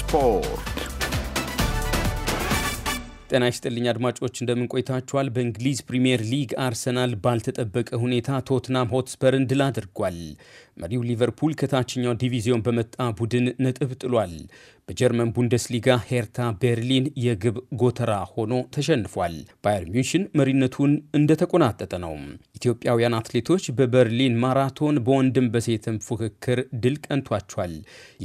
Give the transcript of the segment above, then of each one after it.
ስፖርት ጤና ይስጥልኝ አድማጮች፣ እንደምን ቆይታችኋል? በእንግሊዝ ፕሪምየር ሊግ አርሰናል ባልተጠበቀ ሁኔታ ቶትናም ሆትስፐርን ድል አድርጓል። መሪው ሊቨርፑል ከታችኛው ዲቪዚዮን በመጣ ቡድን ነጥብ ጥሏል። በጀርመን ቡንደስሊጋ ሄርታ ቤርሊን የግብ ጎተራ ሆኖ ተሸንፏል። ባየር ሚንሽን መሪነቱን እንደተቆናጠጠ ነው። ኢትዮጵያውያን አትሌቶች በበርሊን ማራቶን በወንድም በሴትም ፉክክር ድል ቀንቷቸዋል።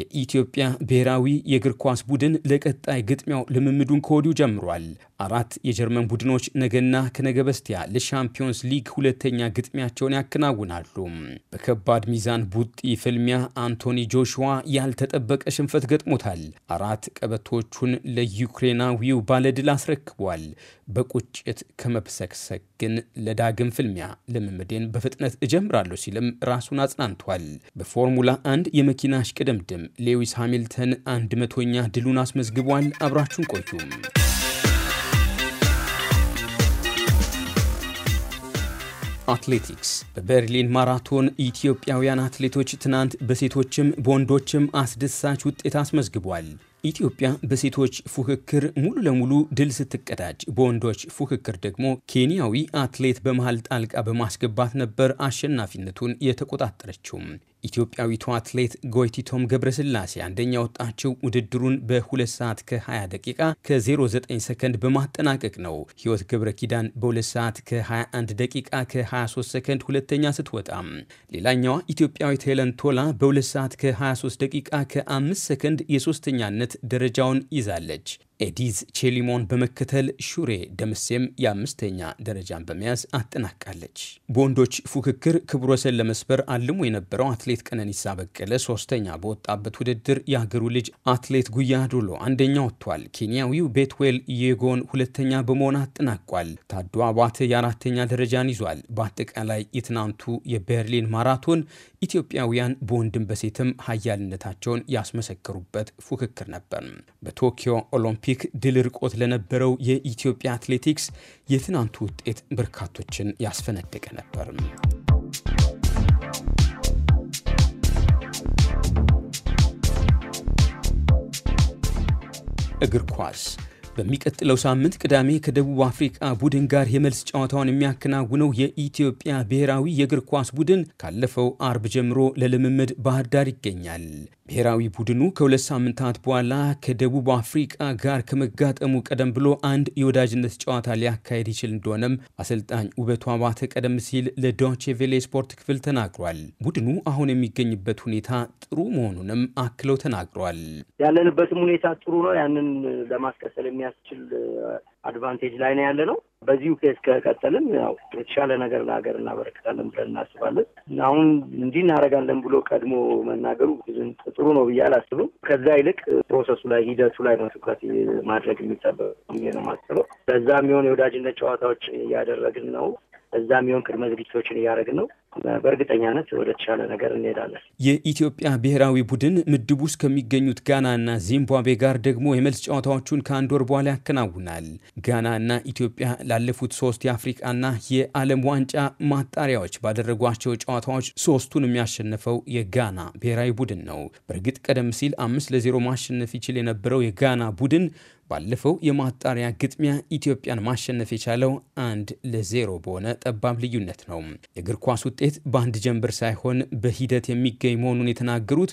የኢትዮጵያ ብሔራዊ የእግር ኳስ ቡድን ለቀጣይ ግጥሚያው ልምምዱን ከወዲሁ ጀምሯል። አራት የጀርመን ቡድኖች ነገና ከነገ በስቲያ ለሻምፒዮንስ ሊግ ሁለተኛ ግጥሚያቸውን ያከናውናሉ። በከባድ ሚዛን ቡጢ ፍልሚያ አንቶኒ ጆሹዋ ያልተጠበቀ ሽንፈት ገጥሞታል። አራት ቀበቶቹን ለዩክሬናዊው ባለድል አስረክቧል። በቁጭት ከመብሰክሰክ ግን ለዳግም ፍልሚያ ልምምዴን በፍጥነት እጀምራለሁ ሲልም ራሱን አጽናንቷል። በፎርሙላ አንድ የመኪና እሽቅድምድም ሌዊስ ሃሚልተን አንድ መቶኛ ድሉን አስመዝግቧል። አብራችሁን ቆዩም። አትሌቲክስ በበርሊን ማራቶን ኢትዮጵያውያን አትሌቶች ትናንት በሴቶችም በወንዶችም አስደሳች ውጤት አስመዝግቧል። ኢትዮጵያ በሴቶች ፉክክር ሙሉ ለሙሉ ድል ስትቀዳጅ፣ በወንዶች ፉክክር ደግሞ ኬንያዊ አትሌት በመሃል ጣልቃ በማስገባት ነበር አሸናፊነቱን የተቆጣጠረችውም። ኢትዮጵያዊቱ አትሌት ጎይቲቶም ገብረስላሴ አንደኛ ወጣችው ውድድሩን በ2 ሰዓት ከ20 ደቂቃ ከ09 ሰከንድ በማጠናቀቅ ነው። ህይወት ገብረ ኪዳን በ2 ሰዓት ከ21 ደቂቃ ከ23 ሰከንድ ሁለተኛ ስትወጣ፣ ሌላኛዋ ኢትዮጵያዊት ሄለን ቶላ በ2 ሰዓት ከ23 ደቂቃ ከ5 ሰከንድ የሶስተኛነት ደረጃውን ይዛለች። ኤዲዝ ቼሊሞን በመከተል ሹሬ ደምሴም የአምስተኛ ደረጃን በመያዝ አጠናቃለች። በወንዶች ፉክክር ክብረ ወሰን ለመስበር አልሞ የነበረው አትሌት ቀነኒሳ በቀለ ሶስተኛ በወጣበት ውድድር የአገሩ ልጅ አትሌት ጉያ ዶሎ አንደኛ ወጥቷል። ኬንያዊው ቤትዌል የጎን ሁለተኛ በመሆን አጠናቋል። ታዱ አባተ የአራተኛ ደረጃን ይዟል። በአጠቃላይ የትናንቱ የበርሊን ማራቶን ኢትዮጵያውያን በወንድም በሴትም ሀያልነታቸውን ያስመሰከሩበት ፉክክር ነበር። በቶኪዮ ኦሎምፒክ ኦሎምፒክ ድል ርቆት ለነበረው የኢትዮጵያ አትሌቲክስ የትናንቱ ውጤት በርካቶችን ያስፈነደቀ ነበር። እግር ኳስ በሚቀጥለው ሳምንት ቅዳሜ ከደቡብ አፍሪካ ቡድን ጋር የመልስ ጨዋታውን የሚያከናውነው የኢትዮጵያ ብሔራዊ የእግር ኳስ ቡድን ካለፈው አርብ ጀምሮ ለልምምድ ባህር ዳር ይገኛል። ብሔራዊ ቡድኑ ከሁለት ሳምንታት በኋላ ከደቡብ አፍሪካ ጋር ከመጋጠሙ ቀደም ብሎ አንድ የወዳጅነት ጨዋታ ሊያካሄድ ይችል እንደሆነም አሰልጣኝ ውበቱ አባተ ቀደም ሲል ለዶቼ ቬሌ ስፖርት ክፍል ተናግሯል። ቡድኑ አሁን የሚገኝበት ሁኔታ ጥሩ መሆኑንም አክለው ተናግሯል። ያለንበትም ሁኔታ ጥሩ ነው። ያንን ለማስቀጠል የሚያስችል አድቫንቴጅ ላይ ነው ያለ ነው። በዚሁ ኬስ ከቀጠልን ያው የተሻለ ነገር ለሀገር እናበረክታለን ብለን እናስባለን። አሁን እንዲህ እናደርጋለን ብሎ ቀድሞ መናገሩ ጥሩ ነው ብዬ አላስብም። ከዛ ይልቅ ፕሮሰሱ ላይ ሂደቱ ላይ ነው ትኩረት ማድረግ የሚጠበቅ ነው የማስበው። በዛ የሚሆን የወዳጅነት ጨዋታዎች እያደረግን ነው። እዛ የሚሆን ቅድመ ዝግጅቶችን እያደረግን ነው። በእርግጠኛነት ወደ ተሻለ ነገር እንሄዳለን። የኢትዮጵያ ብሔራዊ ቡድን ምድብ ውስጥ ከሚገኙት ጋና እና ዚምባብዌ ጋር ደግሞ የመልስ ጨዋታዎቹን ከአንድ ወር በኋላ ያከናውናል። ጋና እና ኢትዮጵያ ላለፉት ሶስት የአፍሪቃና የዓለም ዋንጫ ማጣሪያዎች ባደረጓቸው ጨዋታዎች ሶስቱን የሚያሸንፈው የጋና ብሔራዊ ቡድን ነው። በእርግጥ ቀደም ሲል አምስት ለዜሮ ማሸነፍ ይችል የነበረው የጋና ቡድን ባለፈው የማጣሪያ ግጥሚያ ኢትዮጵያን ማሸነፍ የቻለው አንድ ለዜሮ በሆነ ጠባብ ልዩነት ነው። የእግር ኳስ ውጤት ውጤት በአንድ ጀንበር ሳይሆን በሂደት የሚገኝ መሆኑን የተናገሩት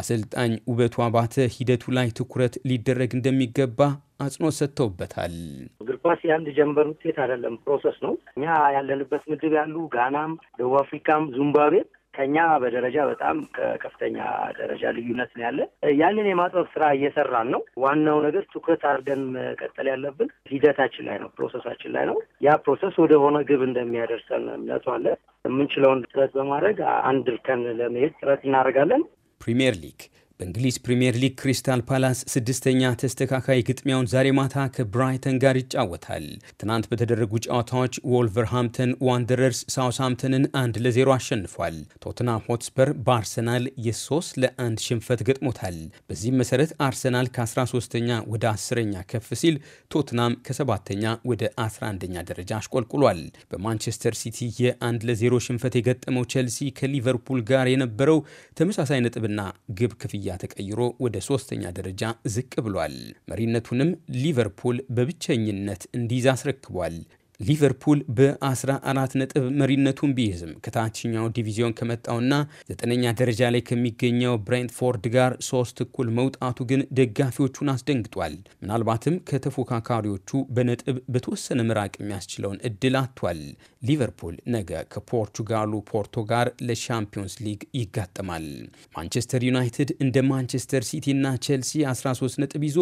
አሰልጣኝ ውበቱ አባተ ሂደቱ ላይ ትኩረት ሊደረግ እንደሚገባ አጽንኦት ሰጥተውበታል። እግር ኳስ የአንድ ጀንበር ውጤት አይደለም፣ ፕሮሰስ ነው። እኛ ያለንበት ምድብ ያሉ ጋናም፣ ደቡብ አፍሪካም፣ ዚምባብዌ ከኛ በደረጃ በጣም ከከፍተኛ ደረጃ ልዩነት ነው ያለ። ያንን የማጥበብ ስራ እየሰራን ነው። ዋናው ነገር ትኩረት አድርገን መቀጠል ያለብን ሂደታችን ላይ ነው፣ ፕሮሰሳችን ላይ ነው። ያ ፕሮሰስ ወደ ሆነ ግብ እንደሚያደርሰን እምነቱ አለ። የምንችለውን ጥረት በማድረግ አንድ እርከን ለመሄድ ጥረት እናደርጋለን። ፕሪሚየር ሊግ በእንግሊዝ ፕሪምየር ሊግ ክሪስታል ፓላስ ስድስተኛ ተስተካካይ ግጥሚያውን ዛሬ ማታ ከብራይተን ጋር ይጫወታል። ትናንት በተደረጉ ጨዋታዎች ወልቨርሃምፕተን ዋንደረርስ ሳውስሃምፕተንን አንድ ለዜሮ አሸንፏል። ቶትናም ሆትስፐር በአርሰናል የሶስት ለአንድ ሽንፈት ገጥሞታል። በዚህም መሰረት አርሰናል ከ13ኛ ወደ 10ኛ ከፍ ሲል፣ ቶትናም ከሰባተኛ ወደ 11ኛ ደረጃ አሽቆልቁሏል። በማንቸስተር ሲቲ የአንድ ለዜሮ ሽንፈት የገጠመው ቼልሲ ከሊቨርፑል ጋር የነበረው ተመሳሳይ ነጥብና ግብ ክፍያ በግጥሚያ ተቀይሮ ወደ ሶስተኛ ደረጃ ዝቅ ብሏል። መሪነቱንም ሊቨርፑል በብቸኝነት እንዲይዝ አስረክቧል። ሊቨርፑል በ14 ነጥብ መሪነቱን ቢይዝም ከታችኛው ዲቪዚዮን ከመጣውና ዘጠነኛ ደረጃ ላይ ከሚገኘው ብሬንትፎርድ ጋር ሶስት እኩል መውጣቱ ግን ደጋፊዎቹን አስደንግጧል። ምናልባትም ከተፎካካሪዎቹ በነጥብ በተወሰነ ምራቅ የሚያስችለውን እድል አጥቷል። ሊቨርፑል ነገ ከፖርቹጋሉ ፖርቶ ጋር ለሻምፒዮንስ ሊግ ይጋጠማል። ማንቸስተር ዩናይትድ እንደ ማንቸስተር ሲቲና ቼልሲ 13 ነጥብ ይዞ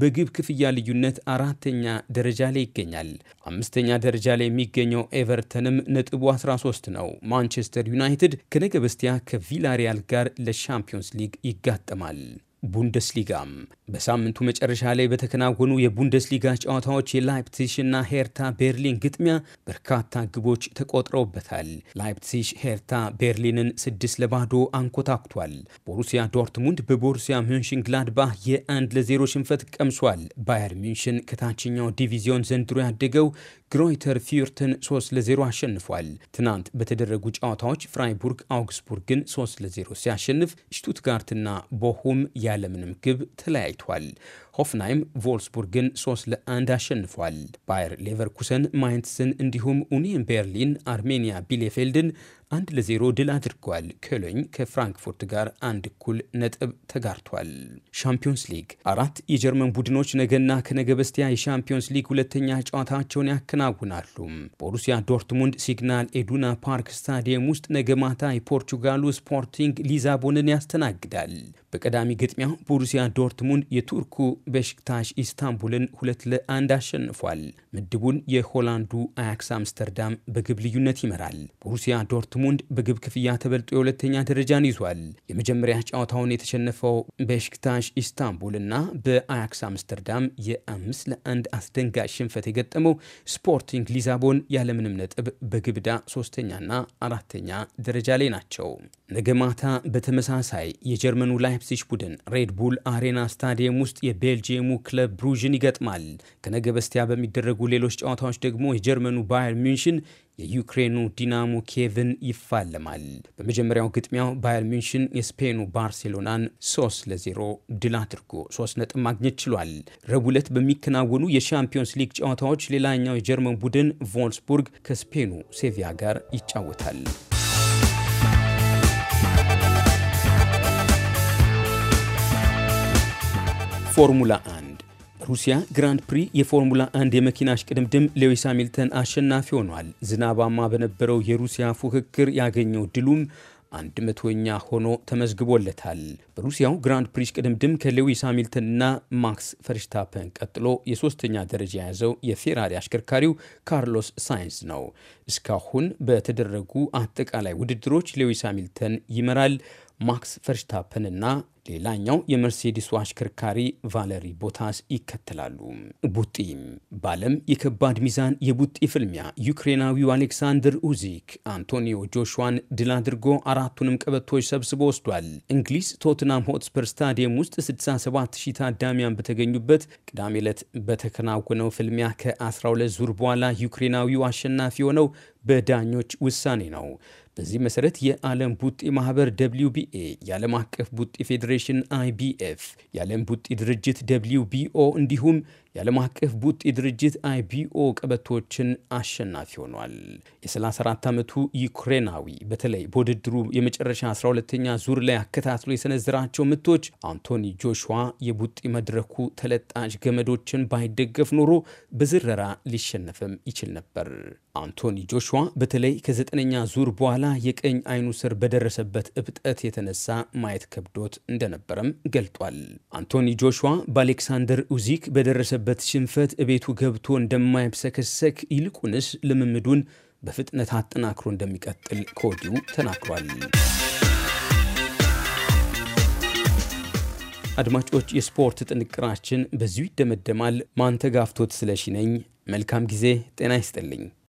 በግብ ክፍያ ልዩነት አራተኛ ደረጃ ላይ ይገኛል። አምስተኛ ደረጃ ላይ የሚገኘው ኤቨርተንም ነጥቡ 13 ነው። ማንቸስተር ዩናይትድ ከነገ በስቲያ ከቪላሪያል ጋር ለሻምፒዮንስ ሊግ ይጋጠማል። ቡንደስሊጋም በሳምንቱ መጨረሻ ላይ በተከናወኑ የቡንደስሊጋ ጨዋታዎች የላይፕሲሽና ሄርታ ቤርሊን ግጥሚያ በርካታ ግቦች ተቆጥረውበታል። ላይፕሲሽ ሄርታ ቤርሊንን ስድስት ለባዶ አንኮታኩቷል። ቦሩሲያ ዶርትሙንድ በቦሩሲያ ሚንሽን ግላድባህ የአንድ ለዜሮ ሽንፈት ቀምሷል። ባየር ሚንሽን ከታችኛው ዲቪዚዮን ዘንድሮ ያደገው ግሮይተር ፊርትን 3 ለ0 አሸንፏል። ትናንት በተደረጉ ጨዋታዎች ፍራይቡርግ አውግስቡርግን 3 ለ0 ሲያሸንፍ ሽቱትጋርትና ቦሁም ያለምንም ግብ ተለያዩ። étoiles. ሆፍንሃይም ቮልስቡርግን 3 ለአንድ አሸንፏል። ባየር ሌቨርኩሰን ማይንትስን፣ እንዲሁም ኡኒየን ቤርሊን አርሜኒያ ቢሌፌልድን አንድ ለዜሮ ድል አድርጓል። ኮሎኝ ከፍራንክፉርት ጋር አንድ እኩል ነጥብ ተጋርቷል። ሻምፒዮንስ ሊግ አራት የጀርመን ቡድኖች ነገና ከነገ በስቲያ የሻምፒዮንስ ሊግ ሁለተኛ ጨዋታቸውን ያከናውናሉ። ቦሩሲያ ዶርትሙንድ ሲግናል ኤዱና ፓርክ ስታዲየም ውስጥ ነገ ማታ የፖርቹጋሉ ስፖርቲንግ ሊዛቦንን ያስተናግዳል። በቀዳሚ ግጥሚያው ቦሩሲያ ዶርትሙንድ የቱርኩ በሽክታሽ ኢስታንቡልን ሁለት ለአንድ አሸንፏል። ምድቡን የሆላንዱ አያክስ አምስተርዳም በግብ ልዩነት ይመራል። ቦሩሲያ ዶርትሙንድ በግብ ክፍያ ተበልጦ የሁለተኛ ደረጃን ይዟል። የመጀመሪያ ጨዋታውን የተሸነፈው በሽክታሽ ኢስታንቡል እና በአያክስ አምስተርዳም የአምስት ለአንድ አስደንጋጭ ሽንፈት የገጠመው ስፖርቲንግ ሊዛቦን ያለምንም ነጥብ በግብዳ ሶስተኛና አራተኛ ደረጃ ላይ ናቸው። ነገ ማታ በተመሳሳይ የጀርመኑ ላይፕሲጅ ቡድን ሬድቡል አሬና ስታዲየም ውስጥ የቤልጅየሙ ክለብ ብሩዥን ይገጥማል። ከነገ በስቲያ በሚደረጉ ሌሎች ጨዋታዎች ደግሞ የጀርመኑ ባየር ሚንሽን የዩክሬኑ ዲናሞ ኬቭን ይፋለማል። በመጀመሪያው ግጥሚያው ባየር ሚንሽን የስፔኑ ባርሴሎናን 3 ለ0 ድል አድርጎ 3 ነጥብ ማግኘት ችሏል። ረቡዕ ዕለት በሚከናወኑ የሻምፒዮንስ ሊግ ጨዋታዎች ሌላኛው የጀርመን ቡድን ቮልስቡርግ ከስፔኑ ሴቪያ ጋር ይጫወታል። ፎርሙላ 1 ሩሲያ ግራንድ ፕሪ የፎርሙላ 1 የመኪና እሽቅድምድም ሌዊስ ሃሚልተን አሸናፊ ሆኗል። ዝናባማ በነበረው የሩሲያ ፉክክር ያገኘው ድሉም አንድ መቶኛ ሆኖ ተመዝግቦለታል። በሩሲያው ግራንድ ፕሪስ ቅድምድም ከሌዊስ ሃሚልተንና ማክስ ፈርሽታፐን ቀጥሎ የሶስተኛ ደረጃ የያዘው የፌራሪ አሽከርካሪው ካርሎስ ሳይንስ ነው። እስካሁን በተደረጉ አጠቃላይ ውድድሮች ሌዊስ ሃሚልተን ይመራል። ማክስ ፈርሽታፐንና ሌላኛው የመርሴዲሱ አሽከርካሪ ቫለሪ ቦታስ ይከተላሉ። ቡጢም በዓለም የከባድ ሚዛን የቡጢ ፍልሚያ ዩክሬናዊው አሌክሳንድር ኡዚክ አንቶኒዮ ጆሹዋን ድል አድርጎ አራቱንም ቀበቶች ሰብስቦ ወስዷል። እንግሊዝ ቶትናም ሆትስፐር ስታዲየም ውስጥ 67 ሺህ ታዳሚያን በተገኙበት ቅዳሜ ዕለት በተከናወነው ፍልሚያ ከ12 ዙር በኋላ ዩክሬናዊው አሸናፊ የሆነው በዳኞች ውሳኔ ነው። በዚህ መሰረት የዓለም ቡጢ ማህበር ደብሊው ቢኤ፣ የዓለም አቀፍ ቡጢ ፌዴሬሽን አይቢኤፍ፣ የዓለም ቡጢ ድርጅት ደብሊው ቢኦ እንዲሁም የዓለም አቀፍ ቡጢ ድርጅት አይቢኦ ቀበቶችን አሸናፊ ሆኗል። የ34 ዓመቱ ዩክሬናዊ በተለይ በውድድሩ የመጨረሻ 12ኛ ዙር ላይ አከታትሎ የሰነዝራቸው ምቶች አንቶኒ ጆሹዋ የቡጢ መድረኩ ተለጣጭ ገመዶችን ባይደገፍ ኖሮ በዝረራ ሊሸነፍም ይችል ነበር። አንቶኒ ጆሹዋ በተለይ ከዘጠነኛ ዙር በኋላ የቀኝ አይኑ ስር በደረሰበት እብጠት የተነሳ ማየት ከብዶት እንደነበረም ገልጧል። አንቶኒ ጆሹዋ በአሌክሳንደር ኡዚክ በደረሰ በደረሰበት ሽንፈት እቤቱ ገብቶ እንደማይብሰከሰክ ይልቁንስ ልምምዱን በፍጥነት አጠናክሮ እንደሚቀጥል ከወዲሁ ተናግሯል። አድማጮች፣ የስፖርት ጥንቅራችን በዚሁ ይደመደማል። ማንተጋፍቶት ስለሺ ነኝ። መልካም ጊዜ። ጤና ይስጥልኝ።